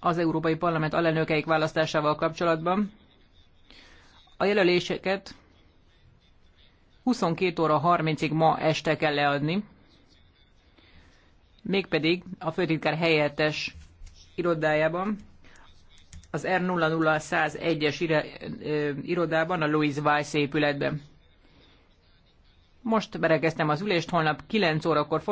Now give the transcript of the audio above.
az Európai Parlament alelnökeik választásával kapcsolatban. A jelöléseket 22 óra 30-ig ma este kell leadni, mégpedig a főtitkár helyettes irodájában, az R00101-es irodában, a Louis Weiss épületben. Most berekeztem az ülést, holnap 9 órakor